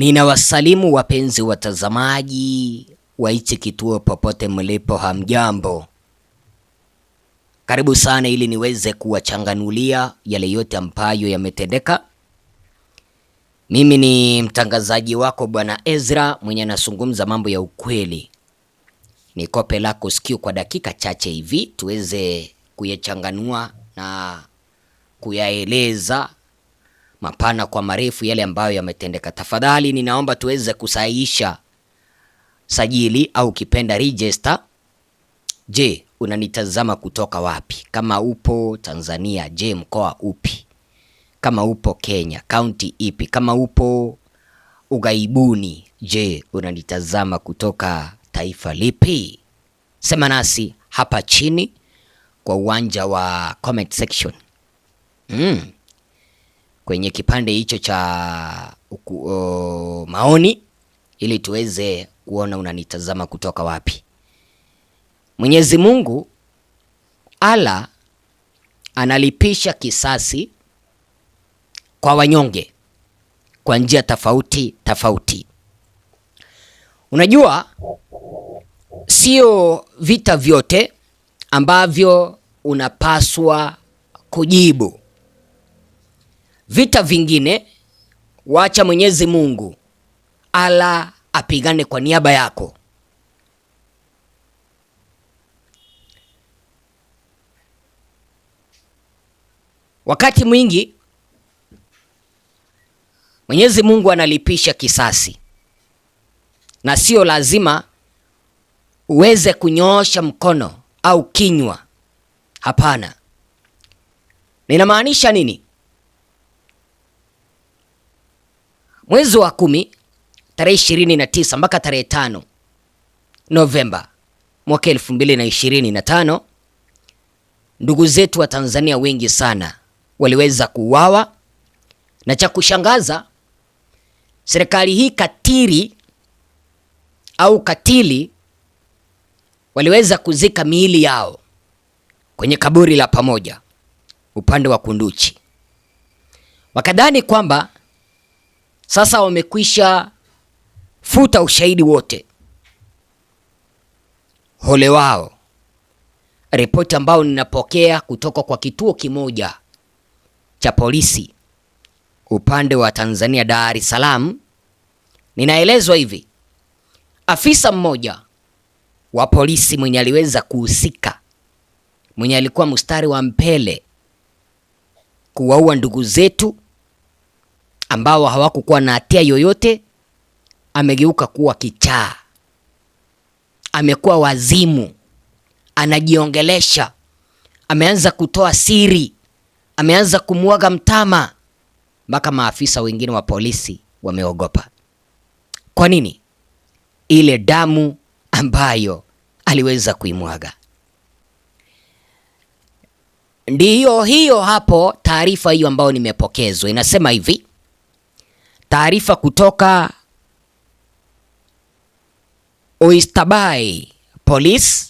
Ninawasalimu wapenzi watazamaji wa hichi kituo popote mlipo, hamjambo? Karibu sana ili niweze kuwachanganulia yale yote ambayo yametendeka. Mimi ni mtangazaji wako Bwana Ezra mwenye anazungumza mambo ya ukweli. Ni kope lako sikio kwa dakika chache hivi tuweze kuyachanganua na kuyaeleza mapana kwa marefu yale ambayo yametendeka. Tafadhali ninaomba tuweze kusahihisha sajili au kipenda register. Je, unanitazama kutoka wapi? Kama upo Tanzania, je, mkoa upi? Kama upo Kenya, kaunti ipi? Kama upo ughaibuni, je, unanitazama kutoka taifa lipi? Sema nasi hapa chini kwa uwanja wa comment section. Mm kwenye kipande hicho cha uku, o, maoni ili tuweze kuona unanitazama kutoka wapi. Mwenyezi Mungu ala analipisha kisasi kwa wanyonge kwa njia tofauti tofauti. Unajua, sio vita vyote ambavyo unapaswa kujibu. Vita vingine wacha Mwenyezi Mungu ala apigane kwa niaba yako. Wakati mwingi Mwenyezi Mungu analipisha kisasi, na sio lazima uweze kunyoosha mkono au kinywa. Hapana, ninamaanisha nini? mwezi wa kumi tarehe ishirini na tisa mpaka tarehe tano Novemba mwaka elfu mbili na ishirini na tano ndugu zetu wa Tanzania wengi sana waliweza kuuawa, na cha kushangaza serikali hii katiri au katili waliweza kuzika miili yao kwenye kaburi la pamoja upande wa Kunduchi, wakadhani kwamba sasa wamekwisha futa ushahidi wote, hole wao. Ripoti ambayo ninapokea kutoka kwa kituo kimoja cha polisi upande wa Tanzania Dar es Salaam, ninaelezwa hivi: afisa mmoja wa polisi mwenye aliweza kuhusika, mwenye alikuwa mstari wa mbele kuwaua ndugu zetu ambao hawakukuwa na hatia yoyote, amegeuka kuwa kichaa, amekuwa wazimu, anajiongelesha, ameanza kutoa siri, ameanza kumwaga mtama mpaka maafisa wengine wa polisi wameogopa. Kwa nini? Ile damu ambayo aliweza kuimwaga. Ndiyo hiyo hapo, taarifa hiyo ambayo nimepokezwa inasema hivi: Taarifa kutoka Oysterbay Police,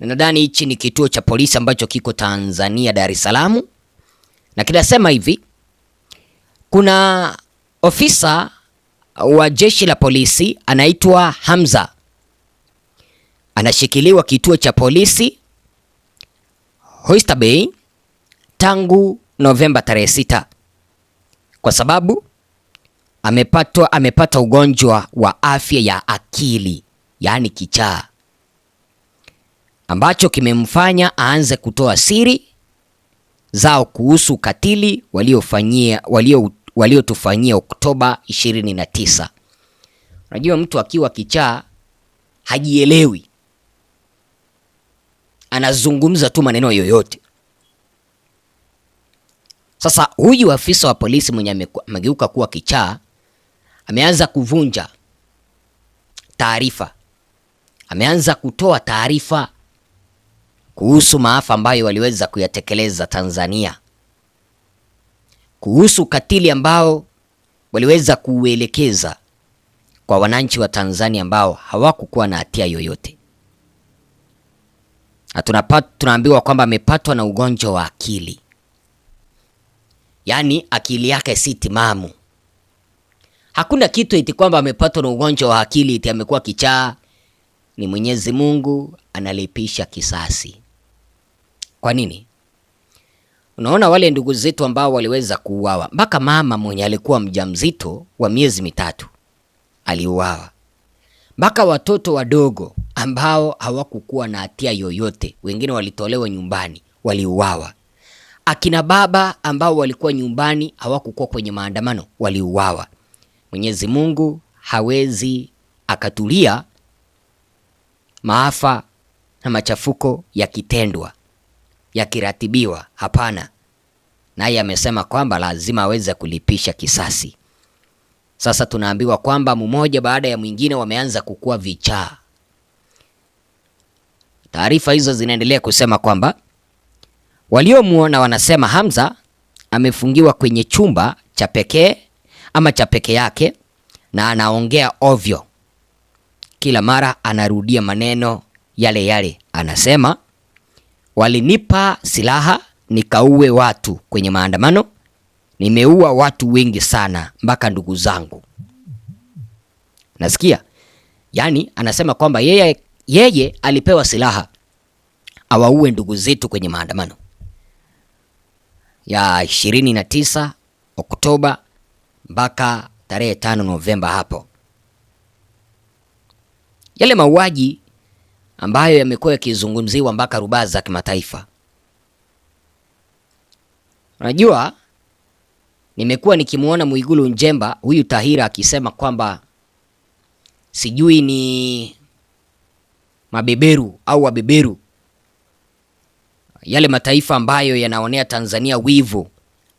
nadhani hichi ni kituo cha polisi ambacho kiko Tanzania, Dar es Salaam, na kinasema hivi: kuna ofisa wa jeshi la polisi anaitwa Hamza, anashikiliwa kituo cha polisi Oysterbay tangu Novemba tarehe 6 kwa sababu amepatwa amepata ugonjwa wa afya ya akili yaani kichaa, ambacho kimemfanya aanze kutoa siri zao kuhusu ukatili waliofanyia walio waliotufanyia Oktoba 29. Unajua, mtu akiwa kichaa hajielewi, anazungumza tu maneno yoyote. Sasa huyu afisa wa polisi mwenye amegeuka kuwa kichaa ameanza kuvunja taarifa, ameanza kutoa taarifa kuhusu maafa ambayo waliweza kuyatekeleza Tanzania, kuhusu ukatili ambao waliweza kuuelekeza kwa wananchi wa Tanzania ambao hawakukuwa na hatia yoyote, na tunaambiwa kwamba amepatwa na ugonjwa wa akili, yaani akili yake si timamu. Hakuna kitu eti kwamba amepatwa na ugonjwa wa akili eti amekuwa kichaa. Ni Mwenyezi Mungu analipisha kisasi. Kwa nini? Unaona wale ndugu zetu ambao waliweza kuuawa, mpaka mama mwenye alikuwa mjamzito wa miezi mitatu aliuawa, mpaka watoto wadogo ambao hawakukuwa na hatia yoyote, wengine walitolewa nyumbani, waliuawa. Akina baba ambao walikuwa nyumbani hawakukuwa kwenye maandamano, waliuawa. Mwenyezi Mungu hawezi akatulia maafa na machafuko yakitendwa, yakiratibiwa. Hapana, naye amesema kwamba lazima aweze kulipisha kisasi. Sasa tunaambiwa kwamba mmoja baada ya mwingine wameanza kukua vichaa. Taarifa hizo zinaendelea kusema kwamba waliomwona wanasema Hamza amefungiwa kwenye chumba cha pekee ama cha peke yake, na anaongea ovyo kila mara, anarudia maneno yale yale. Anasema walinipa silaha nikauwe watu kwenye maandamano, nimeua watu wengi sana, mpaka ndugu zangu nasikia. Yaani anasema kwamba yeye, yeye alipewa silaha awaue ndugu zetu kwenye maandamano ya 29 Oktoba mpaka tarehe tano Novemba hapo. Yale mauaji ambayo yamekuwa yakizungumziwa mpaka rubaa za kimataifa. Unajua, nimekuwa nikimwona Mwigulu Njemba huyu Tahira akisema kwamba sijui ni mabeberu au wabeberu, yale mataifa ambayo yanaonea Tanzania wivu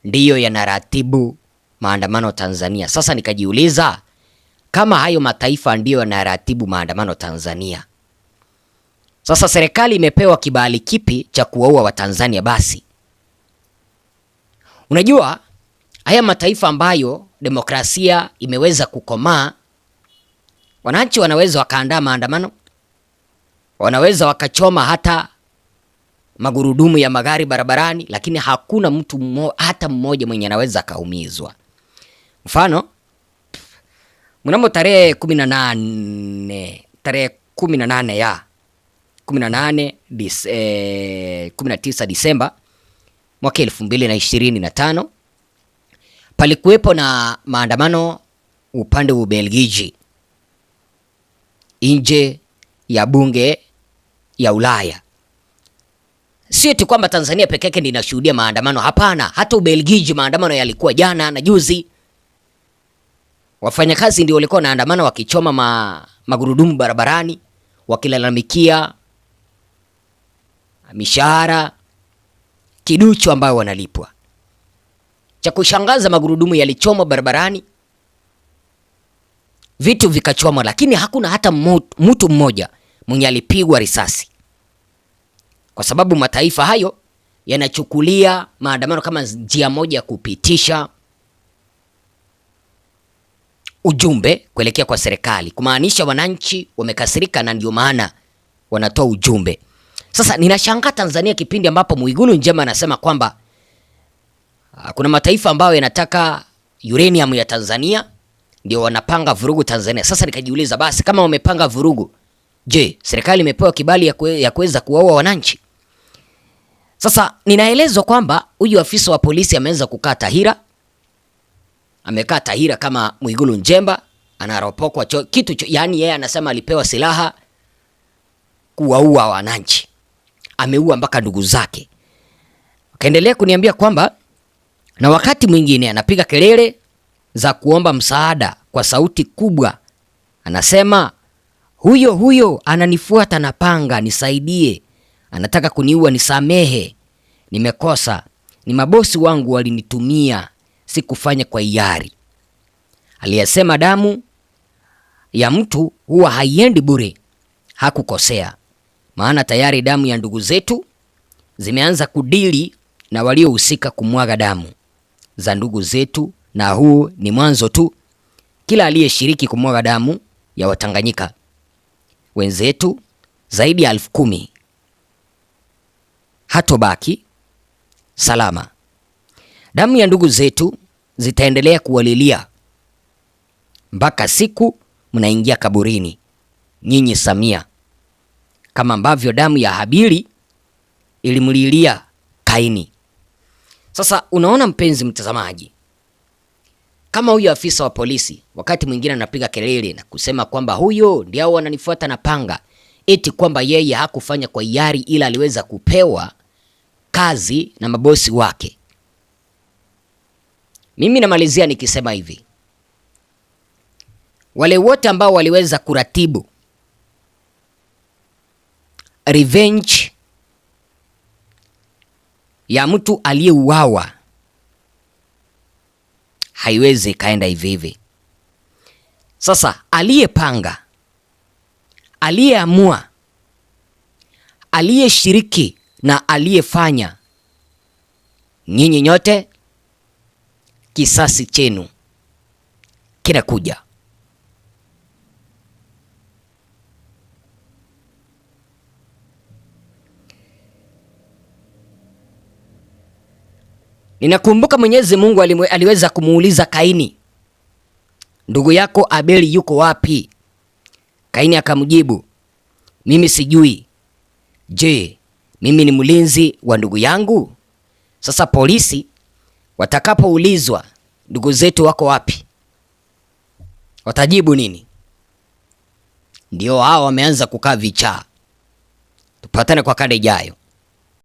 ndiyo yanaratibu maandamano Tanzania. Sasa nikajiuliza kama hayo mataifa ndiyo yanaratibu maandamano Tanzania, sasa serikali imepewa kibali kipi cha kuwaua Watanzania? Basi unajua haya mataifa ambayo demokrasia imeweza kukomaa, wananchi wanaweza wakaandaa maandamano, wanaweza wakachoma hata magurudumu ya magari barabarani, lakini hakuna mtu mmo, hata mmoja mwenye anaweza akaumizwa. Mfano, mnamo tarehe kumi na nane tarehe kumi na nane ya kumi na nane eh, kumi na tisa Disemba mwaka elfu mbili na ishirini na tano palikuwepo na maandamano upande wa Ubelgiji nje ya bunge ya Ulaya. Sio tu kwamba Tanzania peke yake ndiyo inashuhudia maandamano, hapana. Hata Ubelgiji maandamano yalikuwa jana na juzi. Wafanyakazi ndio walikuwa wanaandamana wakichoma ma, magurudumu barabarani wakilalamikia mishahara kiduchu ambayo wanalipwa. Cha kushangaza, magurudumu yalichomwa barabarani, vitu vikachomwa, lakini hakuna hata mtu mmoja mwenye alipigwa risasi, kwa sababu mataifa hayo yanachukulia maandamano kama njia moja ya kupitisha ujumbe kuelekea kwa serikali kumaanisha wananchi wamekasirika, na ndio maana wanatoa ujumbe. Sasa ninashangaa Tanzania, kipindi ambapo Mwigulu Njema anasema kwamba ah, kuna mataifa ambayo yanataka uranium ya Tanzania ndio wanapanga vurugu Tanzania. Sasa nikajiuliza basi, kama wamepanga vurugu, je, serikali imepewa kibali ya kuweza kuwaua wananchi? Sasa ninaelezwa kwamba huyu afisa wa polisi ameweza kukaa Tahira amekaa Tahira kama Mwigulu Njemba anaropokwa kitu cho, yani yeye anasema alipewa silaha kuwaua wananchi, ameua mpaka ndugu zake. Akaendelea kuniambia kwamba na wakati mwingine anapiga kelele za kuomba msaada kwa sauti kubwa, anasema huyo huyo ananifuata na panga, nisaidie, anataka kuniua, nisamehe, nimekosa, ni mabosi wangu walinitumia si kufanya kwa hiari. Aliyesema damu ya mtu huwa haiendi bure hakukosea, maana tayari damu ya ndugu zetu zimeanza kudili na waliohusika kumwaga damu za ndugu zetu, na huu ni mwanzo tu. Kila aliyeshiriki kumwaga damu ya Watanganyika wenzetu zaidi ya elfu kumi hatobaki salama. Damu ya ndugu zetu zitaendelea kuwalilia mpaka siku mnaingia kaburini nyinyi Samia, kama ambavyo damu ya Habili ilimlilia Kaini. Sasa unaona mpenzi mtazamaji, kama huyo afisa wa polisi wakati mwingine anapiga kelele na kusema kwamba huyo ndio wananifuata na panga, eti kwamba yeye hakufanya kwa hiari, ila aliweza kupewa kazi na mabosi wake. Mimi namalizia nikisema hivi, wale wote ambao waliweza kuratibu revenge ya mtu aliyeuawa haiwezi ikaenda hivi hivi. Sasa aliyepanga, aliyeamua, aliyeshiriki na aliyefanya, nyinyi nyote kisasi chenu kinakuja. Ninakumbuka Mwenyezi Mungu aliweza kumuuliza Kaini, ndugu yako Abeli yuko wapi? Kaini akamjibu, mimi sijui. Je, mimi ni mlinzi wa ndugu yangu? Sasa polisi Watakapoulizwa ndugu zetu wako wapi, watajibu nini? Ndio hao wameanza kukaa vichaa. Tupatane kwa kale ijayo.